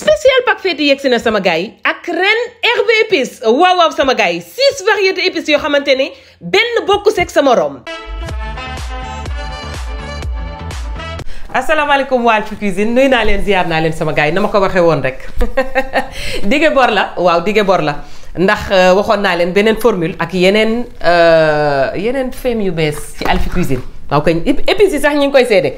spécial pack fête yegg na sama gars ak ren herbe épice waaw waaw sama gars yi six variétés yoo xamante ne benn bokku seeg sama morom. asalaamaaleykum waa Alphie Cuisine nuyu naa leen ziar naa leen sama gaay yi na ma ko waxee woon rek dige bor la waaw dige bor la ndax euh, waxoon naa leen beneen formule ak yeneen euh, yeneen femme yu bees ci Alphie Cuisine. waaw kay épices yi sax ñu ngi koy seede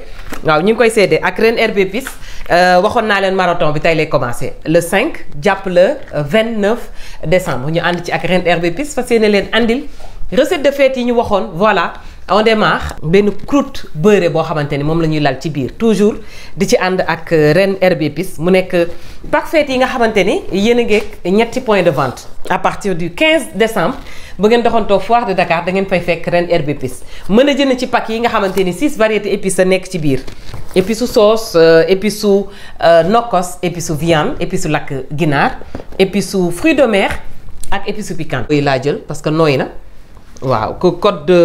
waaw ñu ngi koy seede ak ren herbe épice euh, waxoon naa leen maraton bi tey lay commencé le 5 jàpp le 29 décembre ñu ànd ci ak ren herbe épice fas yéene leen andil recette de fete yi ñu waxoon voilà on démarre benn croûte beurrée boo xamante ni moom la ñuy lal ci biir toujours di ci ànd ak ren herbe épice mu nekk pack fête yi nga xamante ni yéen a ngeeg ñetti point de vente à partir du 15 décembre. bu ngeen doxantoo foire de Dakar da ngeen fay fekk ren herbe épice mën a jënd ci pack yi nga xamante ni six variétés épices a nekk ci biir épice su sauce euh, épice su euh, nokkos épice su viande épice su lakk ginaar épice su fruit de mer ak épice su piquant laa jël parce que nooy na waaw ko code de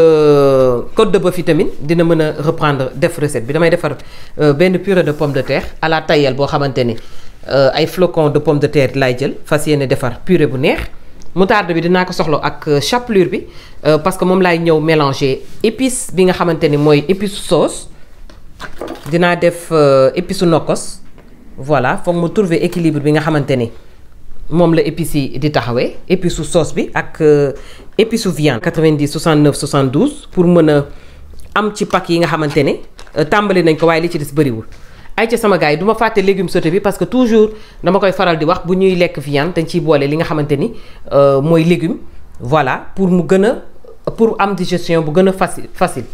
code de bœuf tamit dina mën a reprendre def recette bi damay defar euh, benn purée de pomme de terre à la tayal boo xamante ni ay flocons de pomme de terre laay jël fas yéene defar purée bu neex moutarde bi dinaa ko soxla ak euh, chapelure bi euh, parce que moom laay ñëw mélanger épice bi nga xamante ni mooy épice soos dinaa def euh, épice nokkos voilà foog mu trouver équilibre bi nga xamante ni moom la épice yi di taxawee épice su soos bi ak épice su viande. 90 69 72 pour mën a am ci pack yi nga xamante ni tàmbali nañ ko waaye li ci des bariwul ay ca sama gars yi du ma fàtte légume sauté bi parce que toujours dama koy faral di wax bu ñuy lekk viande dañ ciy boole li nga xamante ni euh, mooy légume voilà pour mu gën a pour am digestion bu gën a facile facile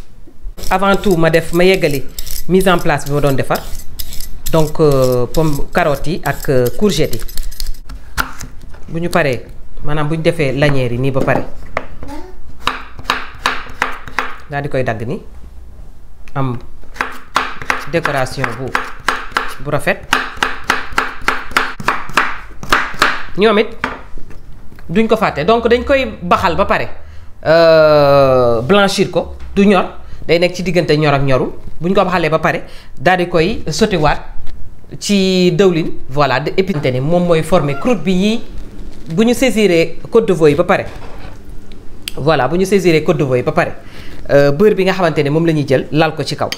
avant tout ma def ma yeggali mise en place bi ma doon defar donc euh, pomme carottes yi ak euh, courgettes yi bu ñu paree maanaam bu ñu defee lañeer yi nii ba pare daal di koy dagg ni am décoration bu bu rafet ñoom it duñ ko fàtte donc dañ koy baxal ba pare euh, blanchir ko du ñor day nekk ci diggante ñor ak ñoru buñ ko baxalee ba pare daal di koy sotiwaat ci dëwlin voilà de épité ne moom mooy former croûte bi yii bu ñu saisiree côte de veau yi ba pare voilà bu ñu saisiree côte de veau yi ba pare euh, beurre bi nga xamante ne moom la ñuy jël lal ko ci kaw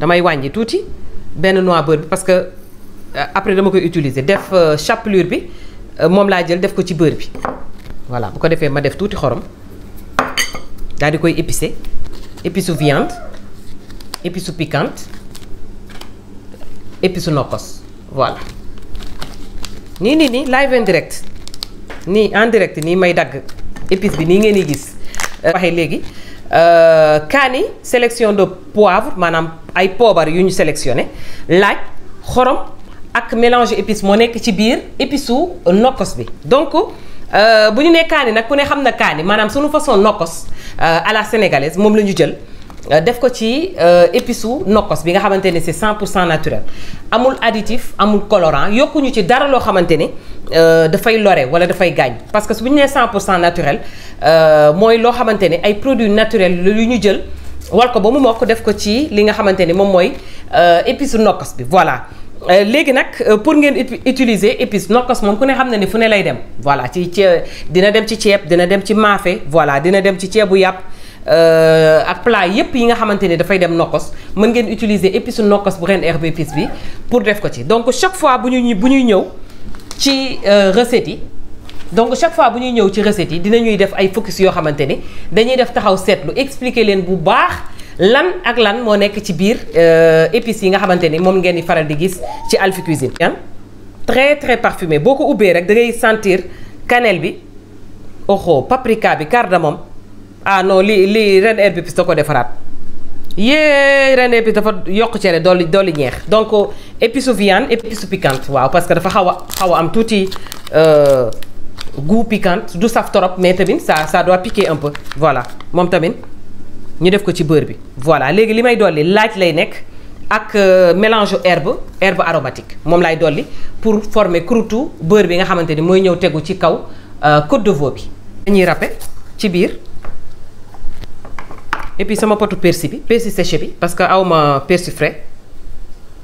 damay wàññi tuuti benn noix beurre bi parce que euh, après dama koy utiliser def euh, chapelure bi euh, moom laa jël def ko ci beurre bi voilà bu ko defee ma def tuuti xorom daal di koy épicé épice su viande épice su piquante épice su nokkos voilà nii nii nii live en direct nii en direct nii may dagg épice bi nii ngeen di gis waxee léegi Euh, kaani sélection de poivre maanaam ay poobar yu ñu sélectionné laaj xorom ak mélange épice moo nekk ci biir épice su nokkos bi donc euh, bu ñu nee kaani nag ku ne xam na kaani maanaam sunu façon nokkos euh, à la sénégalaise moom la ñu jël. Euh, def ko ci euh, épice u nokkos bi nga xamante ne c'est 100 pour cent naturel amul additif amul colorant yokkuñu ci dara loo xamante ne euh, dafay lore wala dafay gaañ parce que bu ñu nee 100 pour cent naturel mooy loo xamante ne ay produits naturels lu ñu jël wal ko ba mu mokk def ko ci li nga xamante ne moom mooy épice u nokkos bi voilà. léegi nag pour ngeen utiliser épice nokkos moom ku ne xam na ni fu ne lay dem voilà ci ceeb dina dem ci ceeb dina dem ci maafe voilà dina dem ci ceebu yàpp. Euh, ak plat yépp yi nga xamante ne dafay dem nokkos mën ngeen utiliser épice nokkos bu Reen Herbes bi pour def ko ci donc chaque fois bu ñuy bu ñuy ñëw ci euh, recettes yi donc chaque fois bu ñuy ñëw ci recette yi dinañuy def ay focus yoo xamante ni dañuy def taxaw seetlu expliquer leen bu baax lan ak lan moo nekk ci biir euh, épices yi nga xamante ni moom ngeen di faral di gis ci Alphie Cuisine. très très parfumé boo ko ubbee rek da ngay sentir cannelle bi oxo paprika bi cardamome ah non li lii ren herbicide da ko defaraat yée ren herbicide dafa yokk cere dolli dolli ñeex donc épice su viande waaw parce que dafa xaw a xaw am tuuti euh, goût piquant du saf trop mais tamit sa ça doit piquer un peu voilà moom tamit ñu def ko ci beurre bi voilà léegi li may dolli laaj lay nekk ak euh, mélange herbe herbe aromatique moom laay dolli pour former croûte beurre bi nga xamante ni mooy ñëw tegu ci kaw euh, côte de veau bi dañuy râper ci biir et puis sama potu persil bi persil séché bi parce que awma persil frais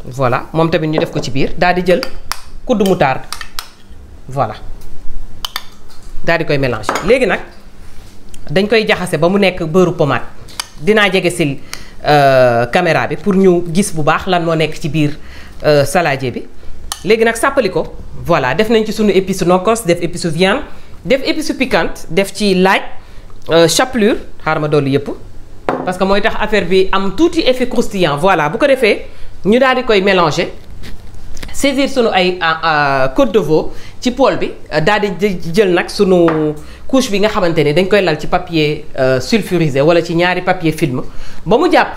voilà moom tamit ñu def ko ci biir daal di jël kuddu moutarde voilà daal di koy mélanger léegi nag dañ koy jaxase ba mu nekk bëru pommade dinaa jege sil euh, caméra bi pour ñu gis bu baax lan moo nekk ci biir euh, saladier bi léegi nag sàppali ko voilà def nañ ci suñu sunu épice nokos def épice viande def épice piquante def ci laaj euh, chapelure xaaral ma dolli yëpp. parce que mooy tax affaire bi am tuuti effet croustillant voilà bu ko defee ñu daal di koy mélanger saisir sunu ay ah, ah, côte de veau ci poêle bi daal di jël nag sunu couche bi nga xamante ni dañ koy lal ci papier euh, sulfurisé wala ci ñaari papier film ba mu jàpp.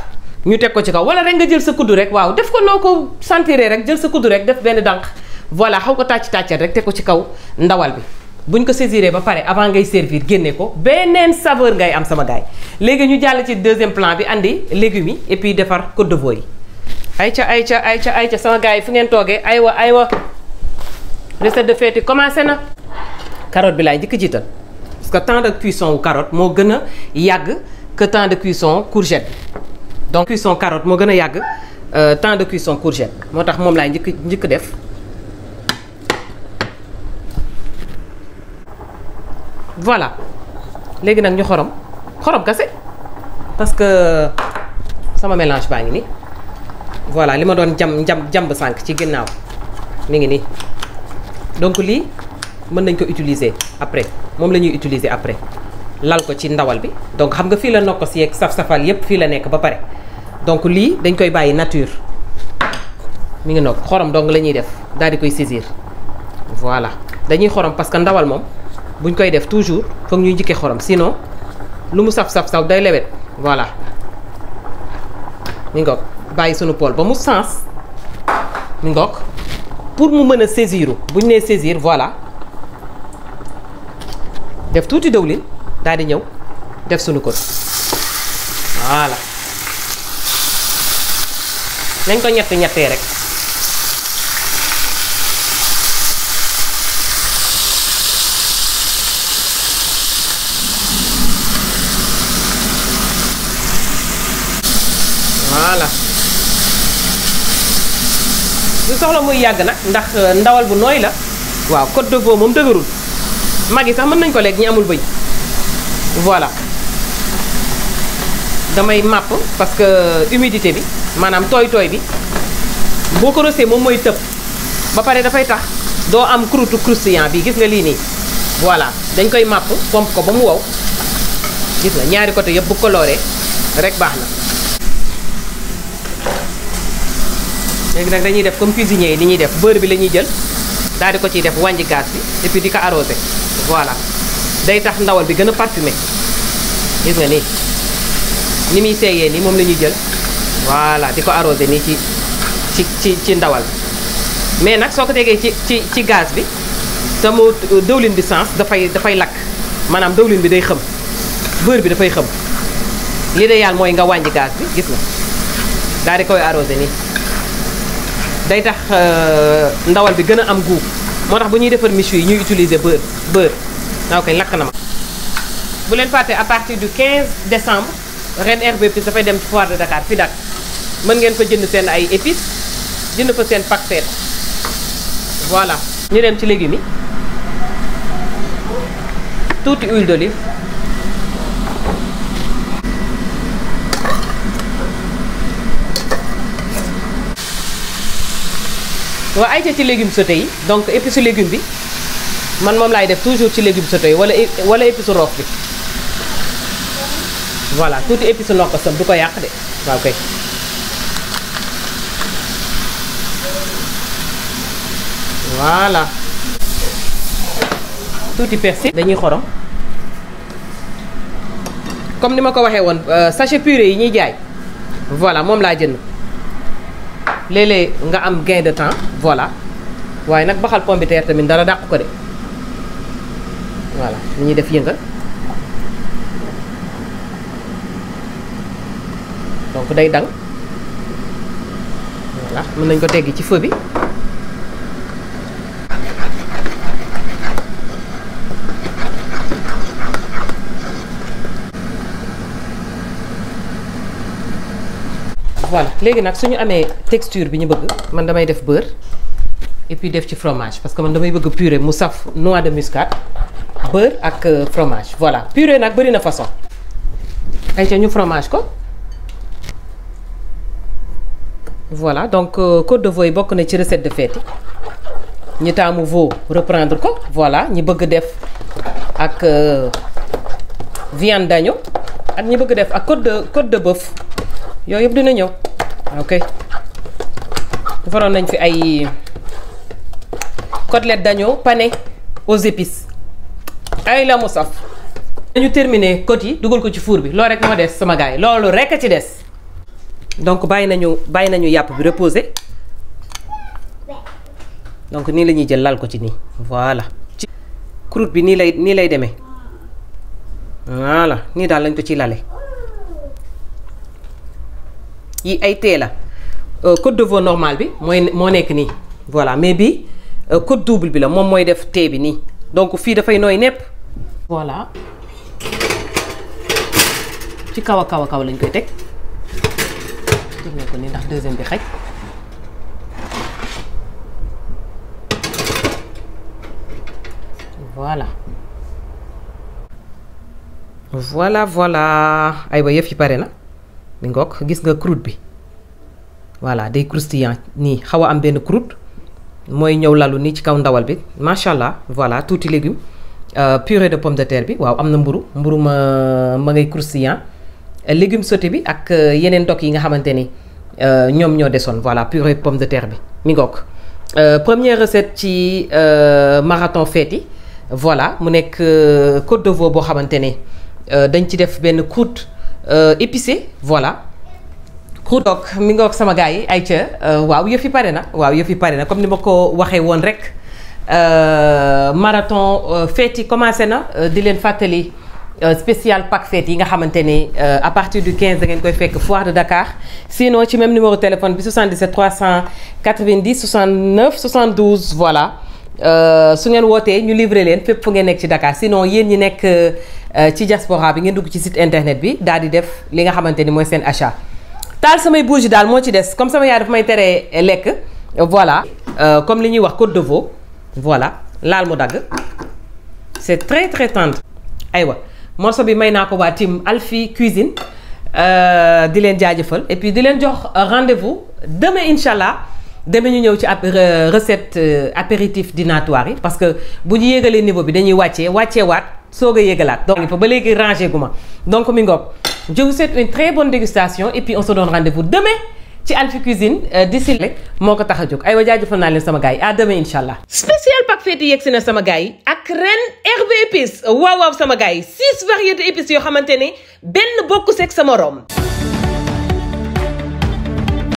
ñu teg ko ci kaw wala rek nga jël sa kuddu rek waaw def ko noo ko sentiré rek jël sa kuddu rek def benn dànq voilà xaw ko tàcc tàccal rek teg ko ci kaw ndawal bi buñ ko saisiré ba pare avant ngay servir génne ko beneen saveur ngay am sama gaay léegi ñu jàll ci deuxième plan bi indi légumes yi et puis defar côte de veau yi. ayca ayca ayca ayca sama gaay yi fi ngeen toogee aywa aywa recette de fête yi commencé na. carotte bi lay njëkk jiital parce que temps de cuisson wu carotte moo gën a yàgg que temps de cuisson courgette donc cuisson carotte moo gën a yàgg euh, temps de cuisson courgette moo tax moom laay njëkk njëkk def. voilà léegi nag ñu xorom xorom kase parce que sama mélange baa ngi nii voilà li ma doon jam jam jàmb sànq ci ginnaaw mi ngi nii donc lii mën nañ ko utiliser après moom la ñuy utiliser après lal ko ci ndawal bi donc xam nga fii la nokkos yeeg saf-safal yépp fii la nekk ba pare donc lii dañ koy bàyyi nature mu ngi nokk xorom dong la ñuy def daal di koy saisir voilà dañuy xorom parce que ndawal moom buñ koy def toujours foog ñuy jikkee xorom sinon lu mu saf saf saw day lewet voilà mi ngoog bàyyi sunu pool ba mu sens mi pour mu mën a saisir buñ nee saisir voilà def tuuti dëwlin daal di ñëw def sunu kër voilà nañ ko ñett ñettee rek. voilà du soxla muy yàgg nag ndax euh, ndawal bu nooy la waaw côte de veau moom dëgërul mag yi sax mën nañ ko lekk ñi amul bëñ voilà damay màpp parce que euh, humidité bi maanaam tooy tooy bi boo ko rosee moom mooy tëb ba pare dafay tax doo am croûte croustillant bi gis nga lii nii voilà dañ koy màpp pomp ko ba mu wow gis nga ñaari côté yëpp bu coloré rek baax na léegi nag dañuy def comme cuisinier yi ni ñuy def beurre bi la ñuy jël daal di ko ciy def wàññi gaz bi et di ko arrosé voilà day tax ndawal bi gën a parfumé gis nga nii ni muy seeyee nii moom la ñuy jël voilà di ko arrosé nii ci ci ci ci ndawal mais nag soo ko tegee ci ci ci gaz bi te mu dëwlin bi sens dafay dafay lakk maanaam dëwlin bi day xëm beurre bi dafay xëm l'idéal mooy nga wàññi gaz bi gis nga daal di koy arrosé nii day tax euh, ndawal bi gën a am goût moo tax bu ñuy defar michu yi ñuy utiliser beurre beurre naa ah, koy lakk na ma. bu leen fàtte à partir du 15 décembre Reen Herbes Épices dafay dem ci foire de Dakar fi mën ngeen fa jënd seen ay épices jënd fa seen pàccet voilà. ñu dem ci légumes yi tuuti huile d'olive ay ayca ci légumes sauté yi donc épice su légume bi man moom laay def toujours ci légumes sauté yi wala wala épice su roof bi voilà tuuti épice su nokkosam du ko yàq de waaw kay. voilà tuuti persil dañuy xorom comme ni ma ko waxee woon euh, sachet purée yi ñuy jaay voilà moom laa jënd. léeg-léeg nga am gaynde temps voilà waaye nag baxal pomme de tamit dara dàq ko de voilà li ñuy def yëngal donc day dang voilà mun nañ ko teggi ci feu bi voilà léegi nag suñu amee texture bi ñu bëgg man damay def bër et puis def ci fromage parce que man damay bëgg purée mu saf noix de muscade beurre ak euh, fromage voilà purée nag bëri na façon ay ca ñu fromage ko voilà donc euh, côte de veau yi bokk na ci recette de fête yi ñu taamu veau reprendre ko voilà ñi bëgg def ak euh, viande d'agneau ak ñi bëgg def ak côte de côte de bœuf yooyu yëpp dina ñëw ok defaroon nañ fi ay côtelette d'agneau pané aux épices ay la mu saf dañu termine côte yi dugal ko ci fuur bi loo rek moo des sama gars yi loolu rek a ci des donc bàyyi nañu bàyyi nañu yàpp bi reposer donc nii lañuy jël lal ko ci nii voilà. ci croûte bi nii lay nii lay demee voilà nii daal lañ ko ci lale yi ay tee la euh, code de veau bi mooy moo nekk nii voilà mais bi euh, code double bi la moom mooy def tee bi nii donc fii dafay nooy nepp voilà ci kaw a kaw a kaw lañ koy teg tourné ko nii ndax deuxième bi xaj voilà voilà voilà aywa yëf yi pare na mi ngoog gis nga croûte bi voilà day croustillant nii xaw a am benn croûte mooy ñëw lalu nii ci kaw ndawal bi macha allah voilà tuuti légumes euh, purée de pomme de terre bi waaw am na mburu mburu ma ma ngay croustillant euh, légumes sauté bi ak euh, yeneen dog yi nga xamante ni ñoom ñoo desoon voilà purée pomme de terre bi mi ngoog première recette ci marathon fête yi voilà mu nekk côte de veau boo xamante ne dañ ci def benn croûte Euh, épicé voilà. toog mi nga wax sama gars yi ay ca euh, waaw yëf yi pare na waaw yëf yi pare na comme ni ma ko waxee woon rek euh, marathon fête yi commencé na di leen fàttali spécial pack fête yi nga xamante ni à du 15 da ngeen koy fekk foire de Dakar sinon ci même numéro téléphone bi 77 390 69 72 voilà su ngeen wootee ñu livré leen fépp fu ngeen nekk ci Dakar sinon yéen ñi nekk. Euh, ci diaspora bi ngeen dugg ci site internet bi daal di def li nga xamante ni mooy seen achat taal samay bougie daal moo ci des comme sama yaay dafa may teree lekk voilà euh, comme li ñuy wax côte de veau voilà laal mu dagg c'est très très tendre aywa morceau bi may naa ko waa team Alphie Cuisine euh, di leen jaajëfal et puis di leen jox rendez-vous demain incha allah demain ñu ñëw ci ab recette euh, apéritif dînatoire yi parce que bu ñu yéegalee niveau bi dañuy wàccee wàccee waat soog a yëgalaat donc fa ba léegi rangé gu ma donc mi ngoog je vous souhaite une très bonne dégustation et puis on se donne rendez-vous demain ci Alphie Cuisine euh, d'ici moo ko tax a jóg aywa jaajëfal naa leen sama gaay yi à demain incha allah. spécial pack fête yegg si na sama gars yi ak ren herbe épice waaw waaw sama gars yi six variétés épices yoo xamante ne benn bokku seek sama morom.